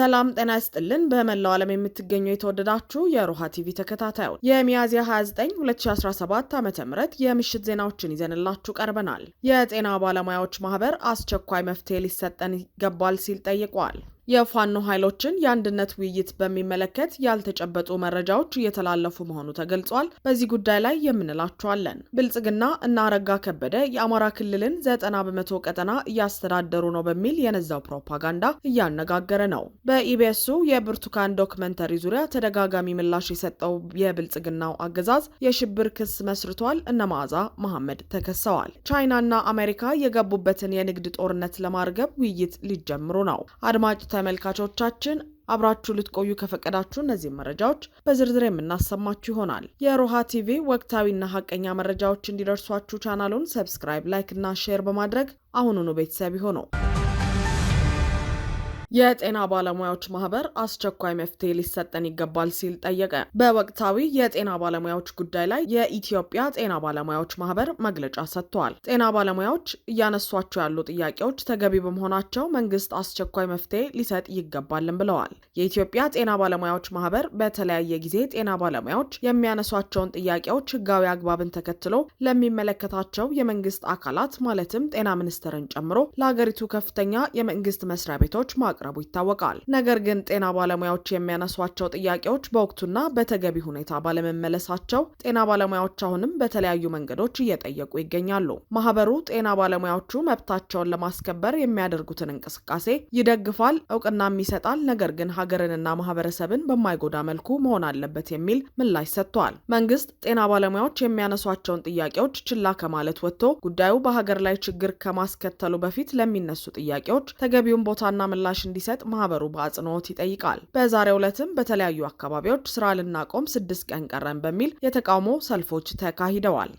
ሰላም ጤና ይስጥልን። በመላው ዓለም የምትገኙ የተወደዳችሁ የሮሃ ቲቪ ተከታታዮች የሚያዝያ 29 2017 ዓ ም የምሽት ዜናዎችን ይዘንላችሁ ቀርበናል። የጤና ባለሙያዎች ማህበር አስቸኳይ መፍትሄ ሊሰጠን ይገባል ሲል ጠይቋል። የፋኖ ኃይሎችን የአንድነት ውይይት በሚመለከት ያልተጨበጡ መረጃዎች እየተላለፉ መሆኑ ተገልጿል። በዚህ ጉዳይ ላይ የምንላቸዋለን። ብልጽግና እና አረጋ ከበደ የአማራ ክልልን ዘጠና በመቶ ቀጠና እያስተዳደሩ ነው በሚል የነዛው ፕሮፓጋንዳ እያነጋገረ ነው። በኢቢኤሱ የብርቱካን ዶክመንተሪ ዙሪያ ተደጋጋሚ ምላሽ የሰጠው የብልጽግናው አገዛዝ የሽብር ክስ መስርቷል። እነ መዓዛ መሐመድ ተከሰዋል። ቻይናና አሜሪካ የገቡበትን የንግድ ጦርነት ለማርገብ ውይይት ሊጀምሩ ነው። አድማጭ ተመልካቾቻችን አብራችሁ ልትቆዩ ከፈቀዳችሁ እነዚህ መረጃዎች በዝርዝር የምናሰማችሁ ይሆናል። የሮሃ ቲቪ ወቅታዊና ሀቀኛ መረጃዎች እንዲደርሷችሁ ቻናሉን ሰብስክራይብ፣ ላይክ እና ሼር በማድረግ አሁኑኑ ቤተሰብ ይሆነው። የጤና ባለሙያዎች ማህበር አስቸኳይ መፍትሄ ሊሰጠን ይገባል ሲል ጠየቀ። በወቅታዊ የጤና ባለሙያዎች ጉዳይ ላይ የኢትዮጵያ ጤና ባለሙያዎች ማህበር መግለጫ ሰጥተዋል። ጤና ባለሙያዎች እያነሷቸው ያሉ ጥያቄዎች ተገቢ በመሆናቸው መንግስት አስቸኳይ መፍትሄ ሊሰጥ ይገባልን ብለዋል። የኢትዮጵያ ጤና ባለሙያዎች ማህበር በተለያየ ጊዜ ጤና ባለሙያዎች የሚያነሷቸውን ጥያቄዎች ህጋዊ አግባብን ተከትሎ ለሚመለከታቸው የመንግስት አካላት ማለትም ጤና ሚኒስቴርን ጨምሮ ለሀገሪቱ ከፍተኛ የመንግስት መስሪያ ቤቶች ማቅ ማቅረቡ ይታወቃል። ነገር ግን ጤና ባለሙያዎች የሚያነሷቸው ጥያቄዎች በወቅቱና በተገቢ ሁኔታ ባለመመለሳቸው ጤና ባለሙያዎች አሁንም በተለያዩ መንገዶች እየጠየቁ ይገኛሉ። ማህበሩ ጤና ባለሙያዎቹ መብታቸውን ለማስከበር የሚያደርጉትን እንቅስቃሴ ይደግፋል፣ እውቅናም ይሰጣል። ነገር ግን ሀገርንና ማህበረሰብን በማይጎዳ መልኩ መሆን አለበት የሚል ምላሽ ሰጥቷል። መንግስት ጤና ባለሙያዎች የሚያነሷቸውን ጥያቄዎች ችላ ከማለት ወጥቶ ጉዳዩ በሀገር ላይ ችግር ከማስከተሉ በፊት ለሚነሱ ጥያቄዎች ተገቢውን ቦታና ምላሽ እንዲሰጥ ማህበሩ በአጽንኦት ይጠይቃል። በዛሬ ዕለትም በተለያዩ አካባቢዎች ስራ ልናቆም ስድስት ቀን ቀረን በሚል የተቃውሞ ሰልፎች ተካሂደዋል።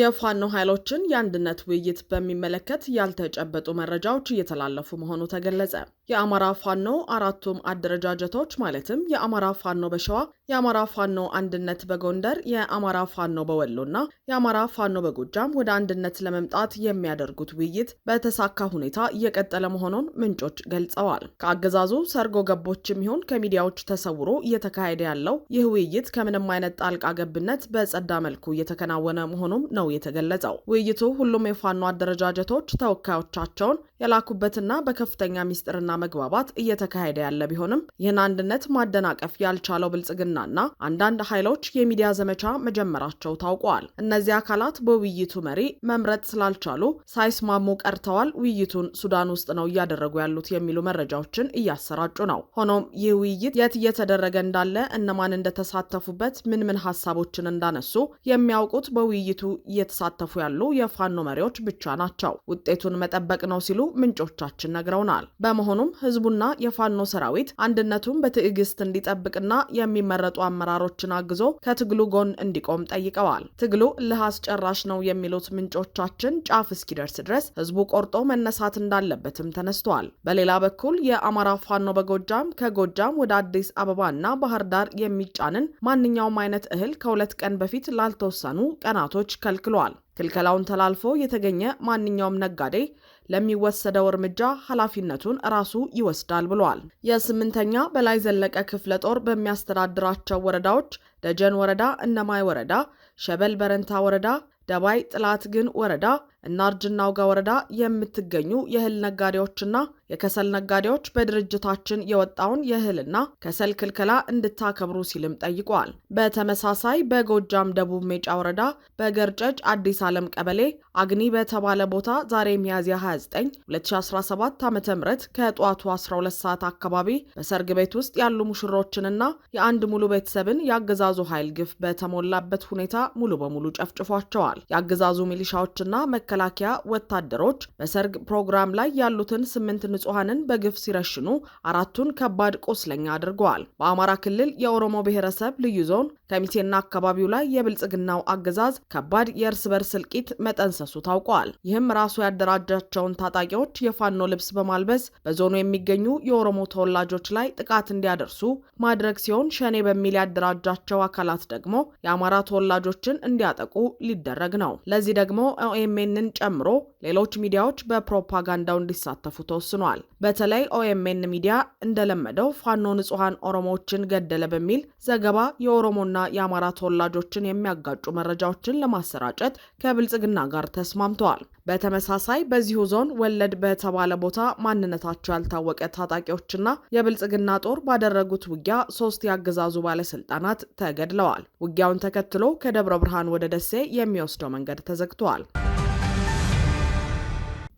የፋኖ ኃይሎችን የአንድነት ውይይት በሚመለከት ያልተጨበጡ መረጃዎች እየተላለፉ መሆኑ ተገለጸ። የአማራ ፋኖ አራቱም አደረጃጀቶች ማለትም የአማራ ፋኖ በሸዋ፣ የአማራ ፋኖ አንድነት በጎንደር፣ የአማራ ፋኖ በወሎና የአማራ ፋኖ በጎጃም ወደ አንድነት ለመምጣት የሚያደርጉት ውይይት በተሳካ ሁኔታ እየቀጠለ መሆኑን ምንጮች ገልጸዋል። ከአገዛዙ ሰርጎ ገቦችም ይሁን ከሚዲያዎች ተሰውሮ እየተካሄደ ያለው ይህ ውይይት ከምንም አይነት ጣልቃ ገብነት በጸዳ መልኩ እየተከናወነ መሆኑም ነው ነው የተገለጸው። ውይይቱ ሁሉም የፋኖ አደረጃጀቶች ተወካዮቻቸውን የላኩበትና በከፍተኛ ሚስጥርና መግባባት እየተካሄደ ያለ ቢሆንም ይህን አንድነት ማደናቀፍ ያልቻለው ብልጽግናና አንዳንድ ኃይሎች የሚዲያ ዘመቻ መጀመራቸው ታውቋል። እነዚህ አካላት በውይይቱ መሪ መምረጥ ስላልቻሉ ሳይስማሙ ቀርተዋል። ውይይቱን ሱዳን ውስጥ ነው እያደረጉ ያሉት የሚሉ መረጃዎችን እያሰራጩ ነው። ሆኖም ይህ ውይይት የት እየተደረገ እንዳለ፣ እነማን እንደተሳተፉበት፣ ምን ምን ሀሳቦችን እንዳነሱ የሚያውቁት በውይይቱ እየተሳተፉ ያሉ የፋኖ መሪዎች ብቻ ናቸው። ውጤቱን መጠበቅ ነው ሲሉ ምንጮቻችን ነግረውናል። በመሆኑም ህዝቡና የፋኖ ሰራዊት አንድነቱን በትዕግስት እንዲጠብቅና የሚመረጡ አመራሮችን አግዞ ከትግሉ ጎን እንዲቆም ጠይቀዋል። ትግሉ እልህ አስጨራሽ ነው የሚሉት ምንጮቻችን ጫፍ እስኪደርስ ድረስ ህዝቡ ቆርጦ መነሳት እንዳለበትም ተነስተዋል። በሌላ በኩል የአማራ ፋኖ በጎጃም ከጎጃም ወደ አዲስ አበባና ባህር ዳር የሚጫንን ማንኛውም አይነት እህል ከሁለት ቀን በፊት ላልተወሰኑ ቀናቶች ከልክ አክለዋል። ክልከላውን ተላልፎ የተገኘ ማንኛውም ነጋዴ ለሚወሰደው እርምጃ ኃላፊነቱን ራሱ ይወስዳል ብሏል። የስምንተኛ በላይ ዘለቀ ክፍለ ጦር በሚያስተዳድራቸው ወረዳዎች ደጀን ወረዳ፣ እነማይ ወረዳ፣ ሸበል በረንታ ወረዳ፣ ደባይ ጥላት ግን ወረዳ እና እርጅና ውጋ ወረዳ የምትገኙ የእህል ነጋዴዎችና የከሰል ነጋዴዎች በድርጅታችን የወጣውን የእህልና ከሰል ክልከላ እንድታከብሩ ሲልም ጠይቋል። በተመሳሳይ በጎጃም ደቡብ ሜጫ ወረዳ በገርጨጭ አዲስ ዓለም ቀበሌ አግኒ በተባለ ቦታ ዛሬ ሚያዝያ 29 2017 ዓ ም ከጠዋቱ 12 ሰዓት አካባቢ በሰርግ ቤት ውስጥ ያሉ ሙሽሮችንና የአንድ ሙሉ ቤተሰብን የአገዛዙ ኃይል ግፍ በተሞላበት ሁኔታ ሙሉ በሙሉ ጨፍጭፏቸዋል። የአገዛዙ ሚሊሻዎችና መከ መከላከያ ወታደሮች በሰርግ ፕሮግራም ላይ ያሉትን ስምንት ንጹሐንን በግፍ ሲረሽኑ አራቱን ከባድ ቆስለኛ አድርገዋል። በአማራ ክልል የኦሮሞ ብሔረሰብ ልዩ ዞን ከሚሴና አካባቢው ላይ የብልጽግናው አገዛዝ ከባድ የእርስ በርስ እልቂት መጠንሰሱ ታውቋል። ይህም ራሱ ያደራጃቸውን ታጣቂዎች የፋኖ ልብስ በማልበስ በዞኑ የሚገኙ የኦሮሞ ተወላጆች ላይ ጥቃት እንዲያደርሱ ማድረግ ሲሆን ሸኔ በሚል ያደራጃቸው አካላት ደግሞ የአማራ ተወላጆችን እንዲያጠቁ ሊደረግ ነው። ለዚህ ደግሞ ኦኤምኤንን ኦኤምኤንን ጨምሮ ሌሎች ሚዲያዎች በፕሮፓጋንዳው እንዲሳተፉ ተወስኗል። በተለይ ኦኤምኤን ሚዲያ እንደለመደው ፋኖ ንጹሐን ኦሮሞዎችን ገደለ በሚል ዘገባ የኦሮሞና የአማራ ተወላጆችን የሚያጋጩ መረጃዎችን ለማሰራጨት ከብልጽግና ጋር ተስማምተዋል። በተመሳሳይ በዚሁ ዞን ወለድ በተባለ ቦታ ማንነታቸው ያልታወቀ ታጣቂዎችና የብልጽግና ጦር ባደረጉት ውጊያ ሶስት የአገዛዙ ባለስልጣናት ተገድለዋል። ውጊያውን ተከትሎ ከደብረ ብርሃን ወደ ደሴ የሚወስደው መንገድ ተዘግቷል።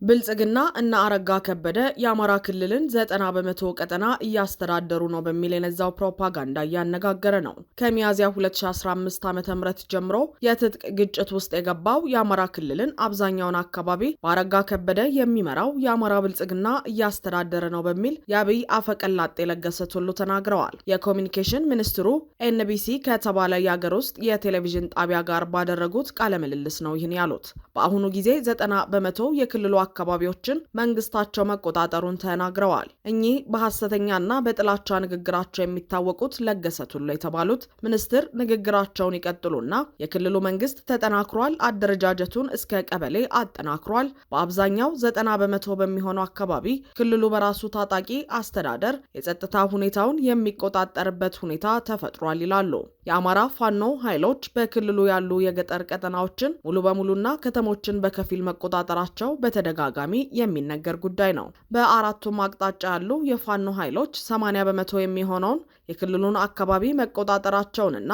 ብልጽግና እና አረጋ ከበደ የአማራ ክልልን ዘጠና በመቶ ቀጠና እያስተዳደሩ ነው በሚል የነዛው ፕሮፓጋንዳ እያነጋገረ ነው። ከሚያዝያ 2015 ዓ ም ጀምሮ የትጥቅ ግጭት ውስጥ የገባው የአማራ ክልልን አብዛኛውን አካባቢ በአረጋ ከበደ የሚመራው የአማራ ብልጽግና እያስተዳደረ ነው በሚል የአብይ አፈቀላጤ ለገሰ ቱሉ ተናግረዋል። የኮሚኒኬሽን ሚኒስትሩ ኤንቢሲ ከተባለ የአገር ውስጥ የቴሌቪዥን ጣቢያ ጋር ባደረጉት ቃለ ምልልስ ነው ይህን ያሉት። በአሁኑ ጊዜ ዘጠና በመቶ የክልሉ አካባቢዎችን መንግስታቸው መቆጣጠሩን ተናግረዋል። እኚህ በሐሰተኛና በጥላቻ ንግግራቸው የሚታወቁት ለገሰ ቱሉ የተባሉት ሚኒስትር ንግግራቸውን ይቀጥሉና የክልሉ መንግስት ተጠናክሯል፣ አደረጃጀቱን እስከ ቀበሌ አጠናክሯል፣ በአብዛኛው ዘጠና በመቶ በሚሆነው አካባቢ ክልሉ በራሱ ታጣቂ አስተዳደር የጸጥታ ሁኔታውን የሚቆጣጠርበት ሁኔታ ተፈጥሯል ይላሉ። የአማራ ፋኖ ኃይሎች በክልሉ ያሉ የገጠር ቀጠናዎችን ሙሉ በሙሉና ከተሞችን በከፊል መቆጣጠራቸው በተደጋጋሚ የሚነገር ጉዳይ ነው። በአራቱም አቅጣጫ ያሉ የፋኖ ኃይሎች 80 በመቶ የሚሆነውን የክልሉን አካባቢ መቆጣጠራቸውንና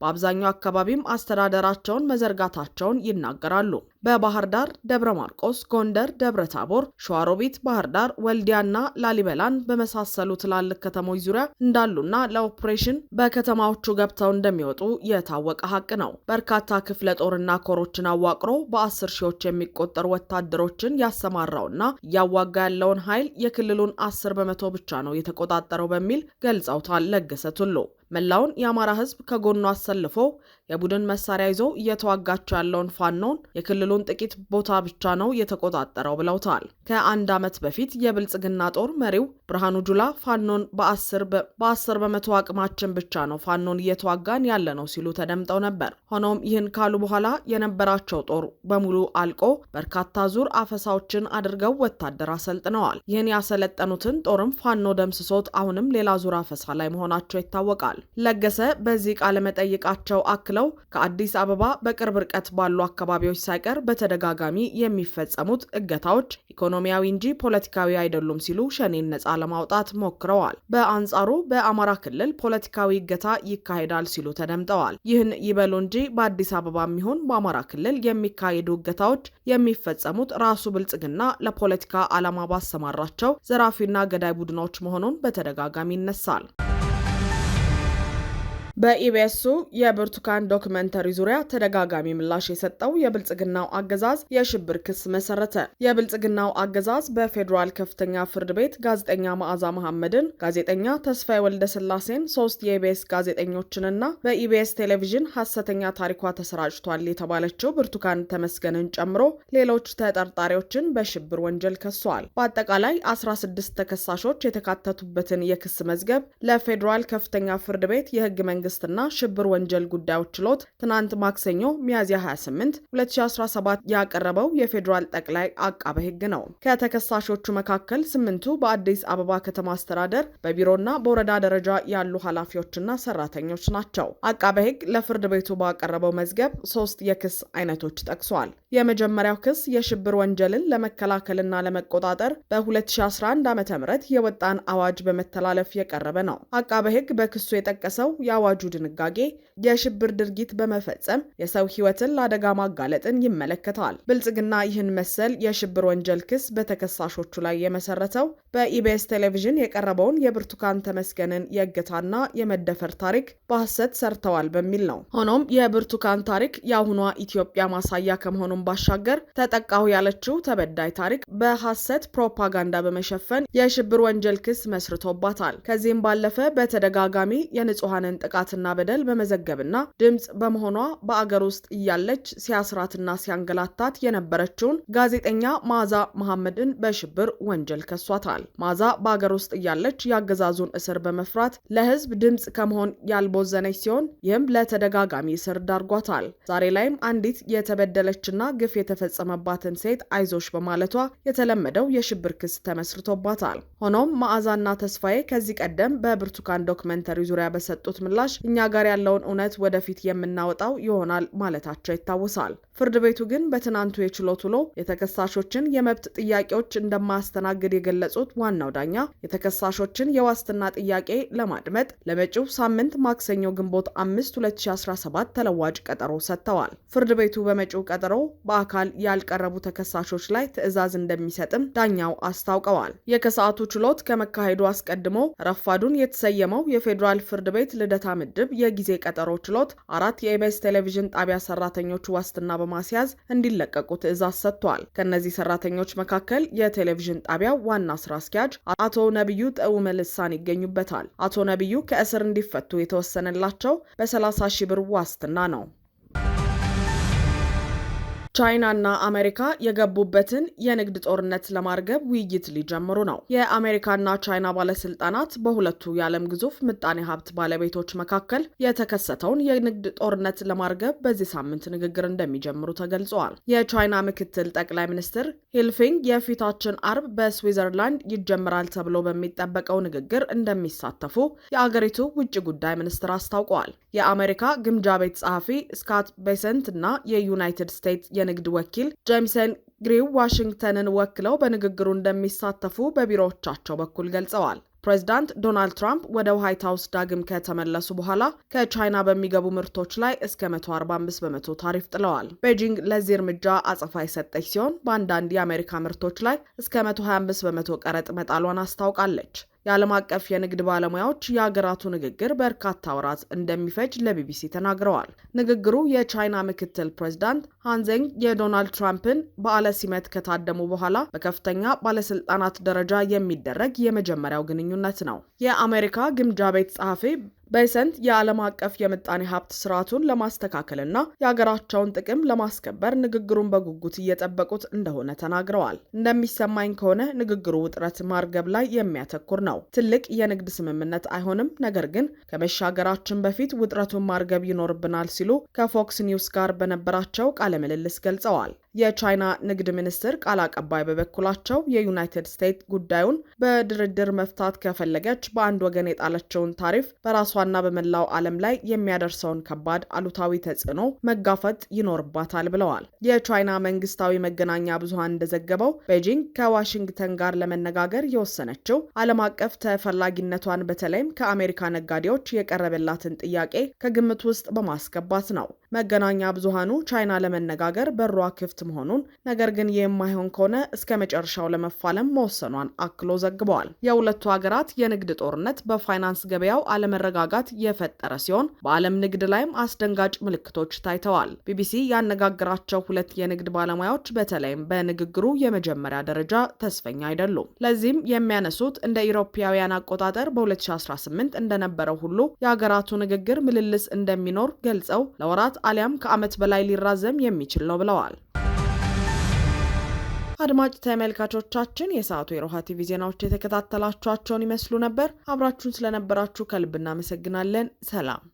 በአብዛኛው አካባቢም አስተዳደራቸውን መዘርጋታቸውን ይናገራሉ። በባህር ዳር፣ ደብረ ማርቆስ፣ ጎንደር፣ ደብረ ታቦር፣ ሸዋሮቢት፣ ባህር ዳር፣ ወልዲያና ላሊበላን በመሳሰሉ ትላልቅ ከተሞች ዙሪያ እንዳሉና ለኦፕሬሽን በከተማዎቹ ገብተው እንደሚወጡ የታወቀ ሀቅ ነው። በርካታ ክፍለ ጦርና ኮሮችን አዋቅሮ በአስር ሺዎች የሚቆጠሩ ወታደሮችን ያሰማራውና እያዋጋ ያለውን ኃይል የክልሉን አስር በመቶ ብቻ ነው የተቆጣጠረው በሚል ገልጸውታል ለገሰ ቱሉ። መላውን የአማራ ሕዝብ ከጎኑ አሰልፎ የቡድን መሳሪያ ይዞ እየተዋጋቸው ያለውን ፋኖን የክልሉን ጥቂት ቦታ ብቻ ነው የተቆጣጠረው ብለውታል። ከአንድ ዓመት በፊት የብልጽግና ጦር መሪው ብርሃኑ ጁላ ፋኖን በአስር በመቶ አቅማችን ብቻ ነው ፋኖን እየተዋጋን ያለ ነው ሲሉ ተደምጠው ነበር። ሆኖም ይህን ካሉ በኋላ የነበራቸው ጦር በሙሉ አልቆ በርካታ ዙር አፈሳዎችን አድርገው ወታደር አሰልጥነዋል። ይህን ያሰለጠኑትን ጦርም ፋኖ ደምስሶት አሁንም ሌላ ዙር አፈሳ ላይ መሆናቸው ይታወቃል። ለገሰ በዚህ ቃለመጠይቃቸው አክ ተከትለው ከአዲስ አበባ በቅርብ ርቀት ባሉ አካባቢዎች ሳይቀር በተደጋጋሚ የሚፈጸሙት እገታዎች ኢኮኖሚያዊ እንጂ ፖለቲካዊ አይደሉም ሲሉ ሸኔን ነጻ ለማውጣት ሞክረዋል። በአንጻሩ በአማራ ክልል ፖለቲካዊ እገታ ይካሄዳል ሲሉ ተደምጠዋል። ይህን ይበሉ እንጂ በአዲስ አበባ የሚሆን በአማራ ክልል የሚካሄዱ እገታዎች የሚፈጸሙት ራሱ ብልጽግና ለፖለቲካ ዓላማ ባሰማራቸው ዘራፊና ገዳይ ቡድኖች መሆኑን በተደጋጋሚ ይነሳል። በኢቢኤሱ የብርቱካን ዶክመንተሪ ዙሪያ ተደጋጋሚ ምላሽ የሰጠው የብልጽግናው አገዛዝ የሽብር ክስ መሰረተ። የብልጽግናው አገዛዝ በፌዴራል ከፍተኛ ፍርድ ቤት ጋዜጠኛ መዓዛ መሐመድን፣ ጋዜጠኛ ተስፋዬ ስላሴን፣ ሶስት የኢቢኤስ ጋዜጠኞችንና በኢቢኤስ ቴሌቪዥን ሀሰተኛ ታሪኳ ተሰራጭቷል የተባለችው ብርቱካን ተመስገንን ጨምሮ ሌሎች ተጠርጣሪዎችን በሽብር ወንጀል ከሷል። በአጠቃላይ 16 ተከሳሾች የተካተቱበትን የክስ መዝገብ ለፌዴራል ከፍተኛ ፍርድ ቤት የህግ መንግስት መንግስትና ሽብር ወንጀል ጉዳዮች ችሎት ትናንት ማክሰኞ ሚያዝያ 28 2017 ያቀረበው የፌዴራል ጠቅላይ አቃበ ሕግ ነው። ከተከሳሾቹ መካከል ስምንቱ በአዲስ አበባ ከተማ አስተዳደር በቢሮና በወረዳ ደረጃ ያሉ ኃላፊዎችና ሰራተኞች ናቸው። አቃበ ሕግ ለፍርድ ቤቱ ባቀረበው መዝገብ ሶስት የክስ አይነቶች ጠቅሷል። የመጀመሪያው ክስ የሽብር ወንጀልን ለመከላከልና ለመቆጣጠር በ2011 ዓ ም የወጣን አዋጅ በመተላለፍ የቀረበ ነው። አቃበ ሕግ በክሱ የጠቀሰው የአዋ የአዋጁ ድንጋጌ የሽብር ድርጊት በመፈጸም የሰው ሕይወትን ለአደጋ ማጋለጥን ይመለከታል። ብልጽግና ይህን መሰል የሽብር ወንጀል ክስ በተከሳሾቹ ላይ የመሰረተው በኢቢኤስ ቴሌቪዥን የቀረበውን የብርቱካን ተመስገንን የእገታና የመደፈር ታሪክ በሐሰት ሰርተዋል በሚል ነው። ሆኖም የብርቱካን ታሪክ የአሁኗ ኢትዮጵያ ማሳያ ከመሆኑም ባሻገር ተጠቃሁ ያለችው ተበዳይ ታሪክ በሐሰት ፕሮፓጋንዳ በመሸፈን የሽብር ወንጀል ክስ መስርቶባታል። ከዚህም ባለፈ በተደጋጋሚ የንጹሐንን ጥቃትና በደል በመዘገብና ድምፅ በመሆኗ በአገር ውስጥ እያለች ሲያስራትና ሲያንገላታት የነበረችውን ጋዜጠኛ መዓዛ መሐመድን በሽብር ወንጀል ከሷታል። ማዛ በአገር ውስጥ እያለች የአገዛዙን እስር በመፍራት ለህዝብ ድምፅ ከመሆን ያልቦዘነች ሲሆን ይህም ለተደጋጋሚ እስር ዳርጓታል። ዛሬ ላይም አንዲት የተበደለችና ግፍ የተፈጸመባትን ሴት አይዞሽ በማለቷ የተለመደው የሽብር ክስ ተመስርቶባታል። ሆኖም ማዕዛና ተስፋዬ ከዚህ ቀደም በብርቱካን ዶክመንተሪ ዙሪያ በሰጡት ምላሽ እኛ ጋር ያለውን እውነት ወደፊት የምናወጣው ይሆናል ማለታቸው ይታወሳል። ፍርድ ቤቱ ግን በትናንቱ የችሎት ውሎ የተከሳሾችን የመብት ጥያቄዎች እንደማያስተናግድ የገለጹት ዋናው ዳኛ የተከሳሾችን የዋስትና ጥያቄ ለማድመጥ ለመጪው ሳምንት ማክሰኞ ግንቦት 5 2017 ተለዋጭ ቀጠሮ ሰጥተዋል። ፍርድ ቤቱ በመጪው ቀጠሮ በአካል ያልቀረቡ ተከሳሾች ላይ ትዕዛዝ እንደሚሰጥም ዳኛው አስታውቀዋል። የከሰዓቱ ችሎት ከመካሄዱ አስቀድሞ ረፋዱን የተሰየመው የፌዴራል ፍርድ ቤት ልደታ ምድብ የጊዜ ቀጠሮ ችሎት አራት የኢቢኤስ ቴሌቪዥን ጣቢያ ሰራተኞች ዋስትና በማስያዝ እንዲለቀቁ ትዕዛዝ ሰጥቷል። ከእነዚህ ሰራተኞች መካከል የቴሌቪዥን ጣቢያ ዋና ስራ አስኪያጅ አቶ ነቢዩ ጥዑመ መልሳን ይገኙበታል። አቶ ነቢዩ ከእስር እንዲፈቱ የተወሰነላቸው በ30 ሺህ ብር ዋስትና ነው። ቻይናና አሜሪካ የገቡበትን የንግድ ጦርነት ለማርገብ ውይይት ሊጀምሩ ነው። የአሜሪካና ቻይና ባለስልጣናት በሁለቱ የዓለም ግዙፍ ምጣኔ ሀብት ባለቤቶች መካከል የተከሰተውን የንግድ ጦርነት ለማርገብ በዚህ ሳምንት ንግግር እንደሚጀምሩ ተገልጸዋል። የቻይና ምክትል ጠቅላይ ሚኒስትር ሂልፊንግ የፊታችን አርብ በስዊዘርላንድ ይጀምራል ተብሎ በሚጠበቀው ንግግር እንደሚሳተፉ የአገሪቱ ውጭ ጉዳይ ሚኒስትር አስታውቀዋል። የአሜሪካ ግምጃ ቤት ጸሐፊ ስካት ቤሰንት እና የዩናይትድ ስቴትስ የንግድ ወኪል ጄምሰን ግሪው ዋሽንግተንን ወክለው በንግግሩ እንደሚሳተፉ በቢሮዎቻቸው በኩል ገልጸዋል። ፕሬዚዳንት ዶናልድ ትራምፕ ወደ ዋይት ሀውስ ዳግም ከተመለሱ በኋላ ከቻይና በሚገቡ ምርቶች ላይ እስከ 145 በመቶ ታሪፍ ጥለዋል። ቤጂንግ ለዚህ እርምጃ አጸፋ የሰጠች ሲሆን በአንዳንድ የአሜሪካ ምርቶች ላይ እስከ 125 በመቶ ቀረጥ መጣሏን አስታውቃለች። የዓለም አቀፍ የንግድ ባለሙያዎች የሀገራቱ ንግግር በርካታ ወራት እንደሚፈጅ ለቢቢሲ ተናግረዋል። ንግግሩ የቻይና ምክትል ፕሬዚዳንት ሃንዘንግ የዶናልድ ትራምፕን በዓለ ሲመት ከታደሙ በኋላ በከፍተኛ ባለስልጣናት ደረጃ የሚደረግ የመጀመሪያው ግንኙነት ነው። የአሜሪካ ግምጃ ቤት ጸሐፊ በሰንት የዓለም አቀፍ የምጣኔ ሀብት ስርዓቱን ለማስተካከልና የሀገራቸውን ጥቅም ለማስከበር ንግግሩን በጉጉት እየጠበቁት እንደሆነ ተናግረዋል። እንደሚሰማኝ ከሆነ ንግግሩ ውጥረት ማርገብ ላይ የሚያተኩር ነው። ትልቅ የንግድ ስምምነት አይሆንም፣ ነገር ግን ከመሻገራችን በፊት ውጥረቱን ማርገብ ይኖርብናል ሲሉ ከፎክስ ኒውስ ጋር በነበራቸው ቃለ ምልልስ ገልጸዋል። የቻይና ንግድ ሚኒስትር ቃል አቀባይ በበኩላቸው የዩናይትድ ስቴትስ ጉዳዩን በድርድር መፍታት ከፈለገች በአንድ ወገን የጣለችውን ታሪፍ በራሷና በመላው ዓለም ላይ የሚያደርሰውን ከባድ አሉታዊ ተጽዕኖ መጋፈጥ ይኖርባታል ብለዋል። የቻይና መንግስታዊ መገናኛ ብዙሃን እንደዘገበው ቤጂንግ ከዋሽንግተን ጋር ለመነጋገር የወሰነችው ዓለም አቀፍ ተፈላጊነቷን በተለይም ከአሜሪካ ነጋዴዎች የቀረበላትን ጥያቄ ከግምት ውስጥ በማስገባት ነው። መገናኛ ብዙሃኑ ቻይና ለመነጋገር በሯ ክፍት መሆኑን ነገር ግን የማይሆን ከሆነ እስከ መጨረሻው ለመፋለም መወሰኗን አክሎ ዘግበዋል። የሁለቱ ሀገራት የንግድ ጦርነት በፋይናንስ ገበያው አለመረጋጋት የፈጠረ ሲሆን በዓለም ንግድ ላይም አስደንጋጭ ምልክቶች ታይተዋል። ቢቢሲ ያነጋግራቸው ሁለት የንግድ ባለሙያዎች በተለይም በንግግሩ የመጀመሪያ ደረጃ ተስፈኛ አይደሉም። ለዚህም የሚያነሱት እንደ ኢሮፓውያን አቆጣጠር በ2018 እንደነበረው ሁሉ የሀገራቱ ንግግር ምልልስ እንደሚኖር ገልጸው ለወራት አሊያም ከዓመት በላይ ሊራዘም የሚችል ነው ብለዋል። አድማጭ ተመልካቾቻችን የሰዓቱ የሮሃ ቲቪ ዜናዎች የተከታተላችኋቸውን ይመስሉ ነበር። አብራችሁን ስለነበራችሁ ከልብ እናመሰግናለን። ሰላም